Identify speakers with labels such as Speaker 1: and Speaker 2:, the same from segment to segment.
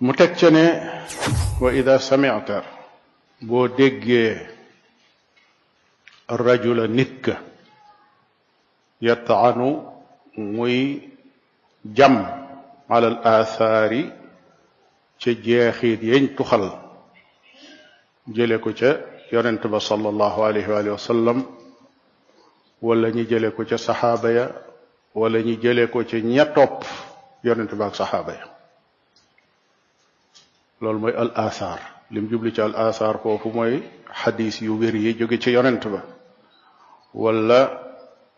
Speaker 1: muteg ca ne wa ida samicta boo déggee rajula nit ka yataanu muy jam ala al aathaari ca jeexit yañ tuxal jële ko ca yonent ba sallallahu alayhi wa alihi wa sallam wala ñu jële ko ca saxaaba ya wala ñu jële ko ca ña topp yonent ba ak saxaaba ya loolu mooy al athar lim jubli ci al athar foofu mooy xadis yu wér yi jóge ci yonent ba wala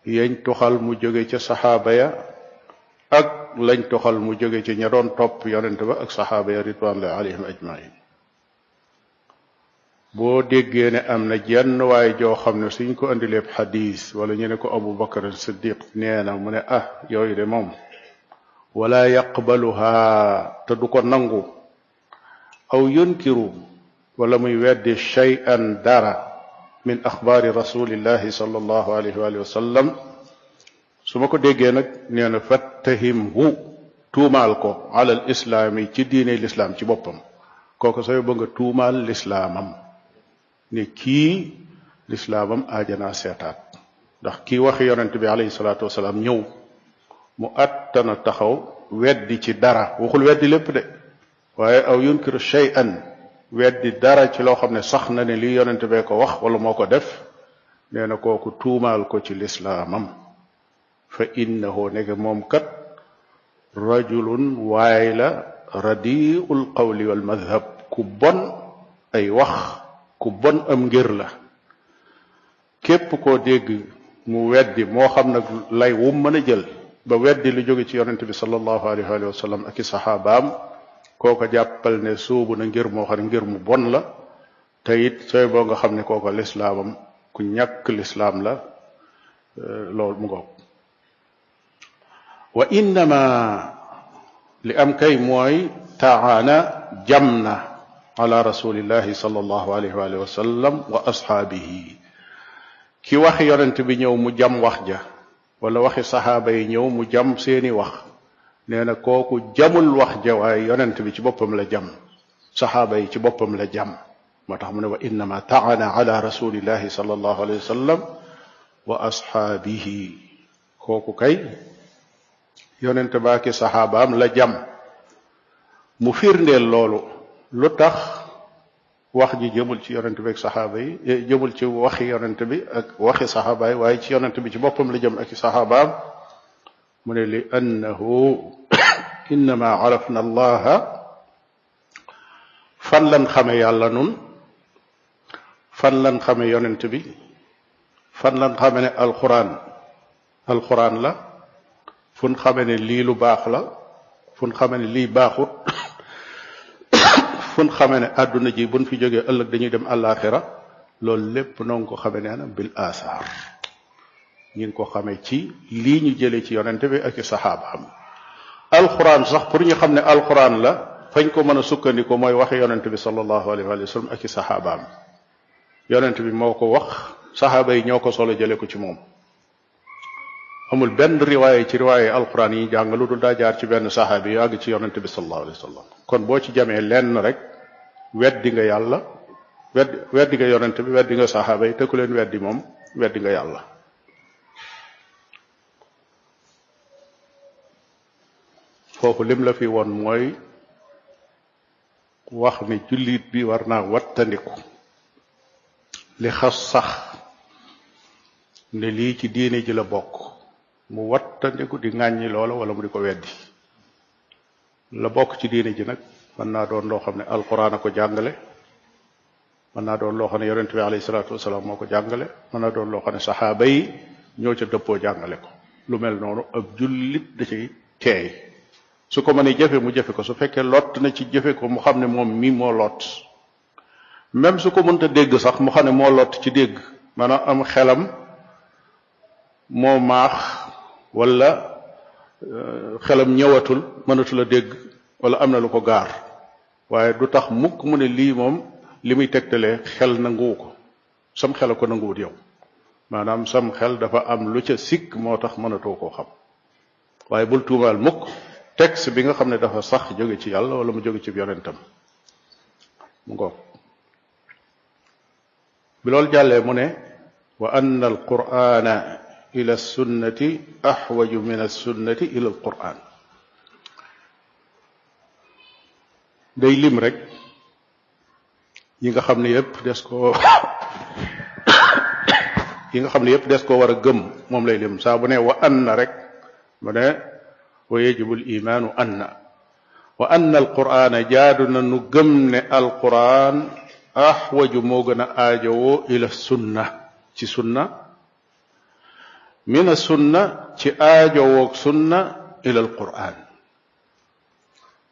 Speaker 1: yañ tuxal mu jóge ca saxaaba ya ak lañ tuxal mu jóge ci ña doon topp yonent ba ak saxaaba ya ridwanullahi alayhim ajmain boo déggee ne am na jenn waaye joo xam ne suñ ko indilee xadis wala ñu ne ko Abu Bakar Siddiq nee na mu ne ah yooyu de moom wala yaqbaluha te du ko nangu أو ينكر ولم يود شيئا دارا من أخبار رسول الله صلى الله عليه وآله وسلم سمك ديجينك نيانا فتهم هو تومالكو على الإسلام تدين الإسلام تبطم كوكو سيو بنغ تومال الإسلام نكي الإسلام آجنا سيطات داخ كي وخي يرن تبي عليه الصلاة والسلام نيو مؤتنا تخو ودي تدارا وخل ودي لبدي waaye aw yunkiru shay'an weddi dara ci loo xam ne sax na ne lii yonent bee ko wax wala moo ko def nee na kooku tuumaal ko ci lislaamam fa innahu nekk moom kat rajulun waay la radiul qawli wal madhab ku bon ay wax ku bon am ngir la képp koo dégg mu weddi moo xam nag lay wum mën a jël ba weddi lu jóge ci yonente bi salallahu alayhi wa sallam ak i saxaabaam kooko jàppal ne suubu na ngir moo xam ne ngir mu bon la te it sooy boo nga xam ne kooko lislaamam ku ñàkk lislaam la loolu mu ngoog wa innama li am kay mooy taana jam na ala rasulillahi sallallahu alayhi wa sallam wa ashaabihi ki waxi yonent bi ñëw mu jam wax ja wala waxi saxaaba yi ñëw mu jam seeni wax nee na kooku jamul wax ja waaye yonent bi ci boppam la jam saxaaba yi ci boppam la jam moo tax mu ne wa innama taana ala rasulillahi sallallahu alayhi wa sallam wa ashaabihi kooku kay yonent baa ki saxaabaam la jam mu firndeel loolu lu tax wax ji jëmul ci yonent bi ak saxaaba yi jëmul ci waxi yonent bi ak waxi saxaaba yi waaye ci yonent bi ci boppam la jëm ak saxaabaam من لأنه إنما عرفنا الله فلن خمي نون فلن خمي يننتبي فلن خمي القرآن القرآن لا فن خمي لي لو فن خمي لي باخ فن خمي أدنى جي في جوجي ألق دنيا دم الآخرة لول لب نونكو خمي أنا بالآثار ñi ngi ko xamee ci lii ñu jëlee ci yonente bi ak i saxaabaam alquran sax pour ñu xam ne alquran la fañ ko mën a sukkandiku mooy waxe yonente bi salallahu alayhi wa sallam ak i saxaabaam yonente bi moo ko wax saxaaba yi ñoo ko solo jëlee ko ci moom amul benn riwaaye ci riwaaye alquran yi jàng lu dul daa jaar ci benn saxaabi yu ci yonente bi salallahu alayhi wa sallam kon boo ci jamee lenn rek weddi nga yàlla wedd weddi nga yonente bi weddi nga saxaaba yi te leen weddi moom weddi nga yàlla foofu lim la fi woon mooy wax ni jullit bi war naa wattandiku li xas sax ne lii ci diine ji la bokk mu wattandiku di ŋàññi loola wala mu di ko weddi la bokk ci diine ji nag mën naa doon loo xam ne alquran a ko jàngale man naa doon loo xam ne yonent bi alayhi salaatu wasalaam moo ko jàngale mën naa loo xam ne saxaaba yi ñoo ca dëppoo jàngale ko lu mel noonu ab jullit da ciy teey su ko mënee jëfe mu jëfe ko su fekkee lot na ci jëfe ko mu xamné mom mi mo lot même su ko mënta dégg sax mu xamné mo lot ci dégg maanaam am xelam mo maax wala xelam ñëwatul mënatul la dégg wala amna lu ko gar waye du tax mukk mu ne lii moom li muy tegtalee xel nanguwu ko sam xel ko nanguwut yow maanaam sam xel dafa am lu ca sikk moo tax mënatoo koo xam waaye bul tuumaal mukk texte bi nga xam ne dafa sax jóge ci yàlla wala mu jóge ci yonentam mu ngoog bi loolu jàllee mu ne wa ann alqur'ana ila sunnati ahwaju min alsunnati ila alqur'an day lim rek yi nga xam ne yépp des ko yi nga xam ne yépp des ko war a gëm moom lay lim saa bu ne wa ann rek mu ne ويجب الإيمان أن وأن القرآن جادنا نقمن القرآن أحوج موغنا آجو إلى السنة تي سنة من السنة تي آجو سنة إلى القرآن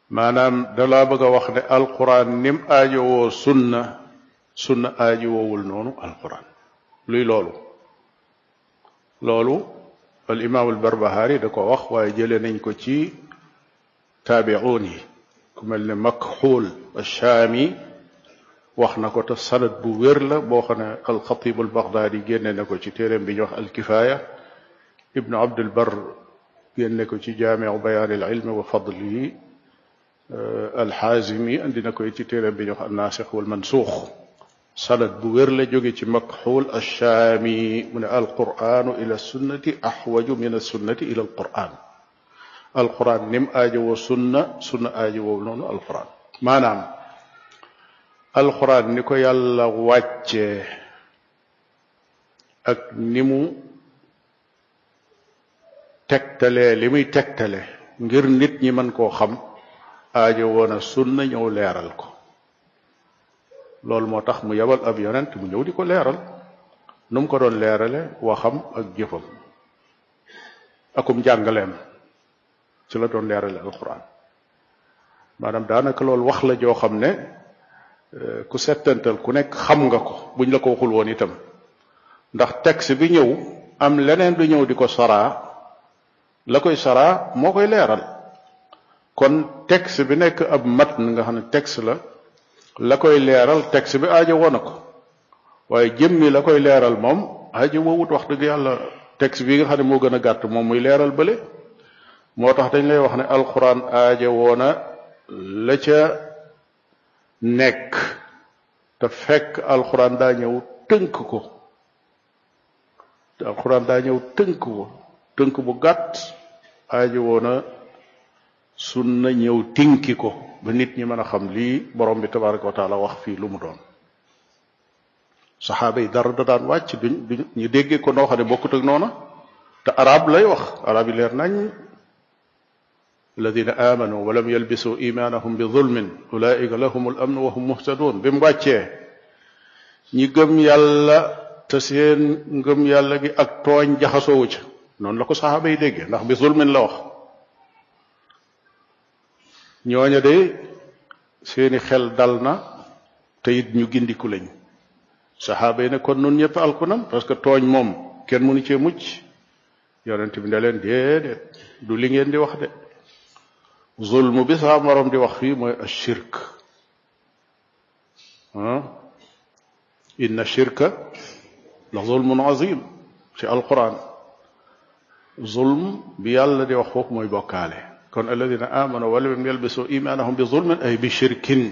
Speaker 1: ما نام bëgg a wax ne alquran nim سنة sunna sunna aajowoowul noonu alquran luy loolu الإمام البربهاري دكو وخوا يجلي تي تابعوني كما اللي مكحول الشامي وخنا كوتا سند بو ويرلا بوخنا الخطيب البغدادي جينا نكو تي تيرم بيوخ الكفاية ابن عبد البر جينا نكو تي جامع بيان العلم وفضله آه، الحازمي عندنا كو تي تيرم بيوخ الناسخ والمنسوخ sanad bu wër la jóge ci makxuul alchaami mu ne alquranu ila sunnati axwaju min alsunnati ila alquran alquran nim aajowoo sunna sunna aajowoo noonu alquran maanaam alquran ni ko yàlla wàccee ak ni mu tegtalee li muy tegtale ngir nit ñi mën koo xam aajowoon a sunna ñëw leeral ko loolu moo tax mu yebal ab yonent mu ñëw di ko leeral nu mu ko doon leerale waxam ak jëfam akum jàngaleem ci la doon leerale alquran maanaam daanaka loolu wax la joo xam ne eh, ku settantal ku nekk xam nga ko buñ la ko waxul woon itam ndax texte bi ñëw am leneen lu ñëw di ko saraa la koy saraa moo koy leeral kon texte bi nekk ab matn nga xam ne texte la la koy leeral texte bi aajo woon na ko waaye jëmmi la koy leeral moom aajo woowut wax dëgg yàlla texte bi nga xam ne moo gën a gàtt moom muy leeral bale moo tax dañ lay wax ne alxuraan aajo woona la ca nekk te fekk alxuraan daa ñëw tënk ko te daa ñëw tënk ko bu gàtt aajo woona sunna ñëw tinki ko ba nit ñi mëna xam li borom bi tabaraka wa taala wax fi lu mu doon sahaba yi dara daan wàcc duñ duñ ñu déggee ko noo xam ne bokkut ak noona te arab lay wax arab yi leer nañ الذين آمنوا ولم يلبسوا إيمانهم بظلم أولئك لهم الأمن وهم مهتدون بم واتشي ñi gëm yàlla te seen ngëm yàlla gi ak tooñ jaxasoowu ca noonu la ko saxaaba yi déggee ndax bi zulmin la wax ñooña de seeni xel dal na te it ñu gindiku lañ saxaaba yi ne kon nun ñëpp alkunam parce que tooñ moom kenn mënu cee mucc yonent bi ne leen déedéet du li ngeen di wax de zulmu bi sa morom di wax fii mooy ashirk inna shirka la zulmun azim ci alquran zulm bi yàlla di wax foofu mooy bokkaale kon alladina amanu wa lam yalbisu imanahum bi zulmin ay bi shirkin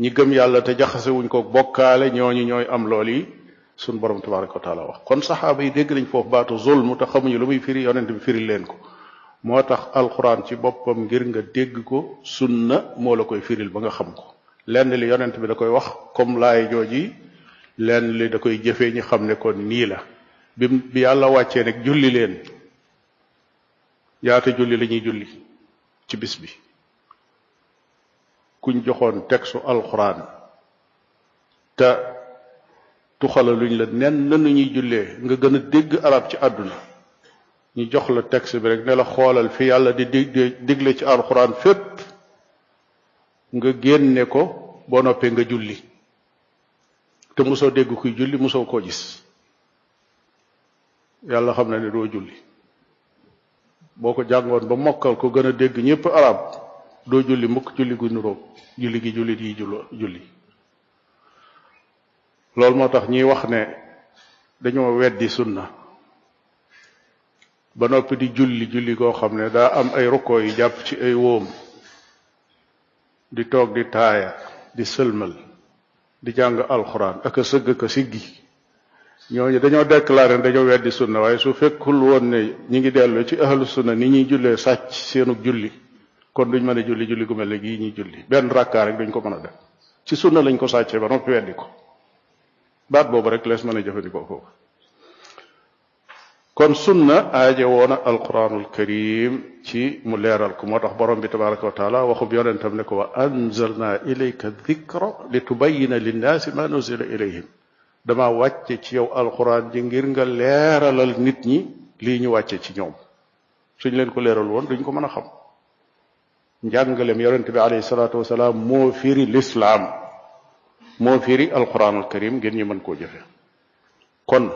Speaker 1: ñi gëm yàlla te jaxasewuñ wuñ ko bokkaale ñooñu ñooy am lool yi suñ borom tabaraka wa wax kon saxaaba yi dégg nañ foofu baatu zulm te xamuñu lu muy firi yonent bi firi leen ko moo tax alxuraan ci boppam ngir nga dégg ko sunna moo la koy firil ba nga xam ko lenn li yonent bi da koy wax comme laay jooji lenn li da koy jëfe ñi xam ne kon nii la bi yàlla wàccee nag julli leen yaate julli la ñuy julli ci bis bi kuñ joxoon textu alxuraan te tuxala luñ la nen nanu ñuy jullee nga gën a dégg arab ci àdduna ñu jox la texte bi rek ne la xoolal fi yàlla di dig digle ci alxuraan fépp nga génne ko boo noppee nga julli te mosoo dégg kuy julli mosoo koo gis yàlla xam na ne doo julli boko ko jàngoon ba mokkal ko gën dégg ñëpp arab do julli mukk julli gu nuróog julli gi jullit di julli loolu moo tax wax ne dañoo weddi sunna ba noppi di julli julli goo xam Da am ay rukkoo yi jàpp ci ay di toog di taaya di sëlmal di jàng Al ak a sëgg ka siggi ñooñu dañoo déclaré dañoo weddi sunna waaye su fekkul woon ne ñi ngi dellu ci ahlu sunna ni ñuy jullee sàcc seenug julli kon duñ mën a julli julli gu mel ne gii ñuy julli benn rakkaa rek duñ ko mën a def ci sunna lañ ko sàccee ba noppi weddi ko baat boobu rek lees mën a jëfandikoo ko kon sunna aaje woona alquranul karim ci mu leeral ko moo tax borom bi tabaraka wa taala waxub tam ne ko wa anzalna ilayka dikra li tubayina linnaasi ma nuzila ilayhim dama wàcce ci yow alxuraan ji ngir nga leeralal nit ñi lii ñu wàcce ci ñoom suñ leen ko leeral woon duñ ko mën a xam njàngaleem yonente bi alayhi salaatu wasalaam moo lislaam moo firi alxuraan al karim ngeen ñu mën koo jëfe kon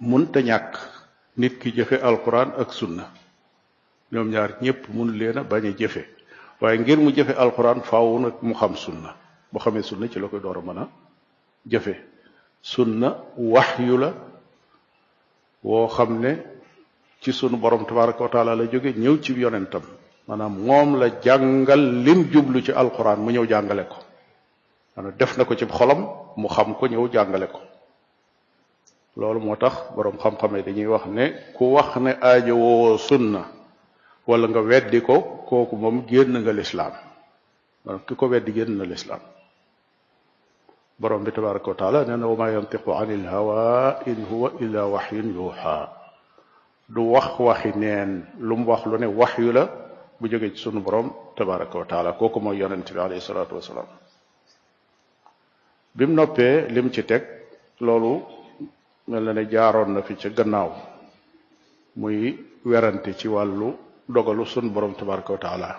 Speaker 1: munta ñàkk nit ki jëfe alxuraan ak sunna ñoom ñaar ñépp mun leen a bañ a jëfe waaye ngir mu jëfe alxuraan faw nag mu xam sunna bu xamee sunna ci la koy door a mën a jëfe sunna waxyu la woo xam ne ci sunu boroom tabaraka wa taala jóge ñëw ci yonentam maanaam moom la jàngal lim jublu ci alquran mu ñëw jàngale ko maanaam def na ko ci xolam mu xam ko ñëw jàngale ko loolu moo tax boroom xam-xame dañuy wax ne ku wax ne aajo woo sunna wala nga weddi ko kooku moom génn nga lislaam maanaam ki ko weddi génn na lislaam borom bi tabaraka wa taala nee na wa maa yantiqu an il hawa in huwa illa waxyun yuuxa du wax waxi neen lu mu wax lu ne wax yu la bu jógee ci sunu borom tabaraka wa taala kooku mooy yonent bi alayhi salaatu wasalaam bi noppee lim ci teg loolu mel na ne jaaroon na fi ca gannaaw muy werante ci wàllu dogalu sunu borom tabaraka wa taala